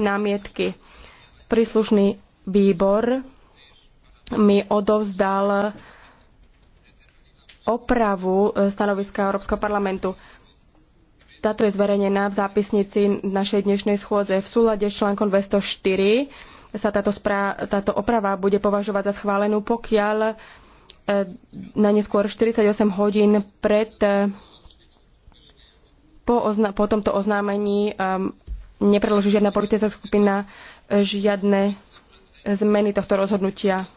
námietky. Príslušný výbor mi odovzdal opravu e, stanoviska Európskeho parlamentu. Táto je zverejnená v zápisnici našej dnešnej schôdze. V súlade s článkom 204 sa táto, spra- táto oprava bude považovať za schválenú, pokiaľ e, na neskôr 48 hodín pred e, po, ozna- po tomto oznámení e, nepredloží žiadna politická skupina žiadne zmeny tohto rozhodnutia.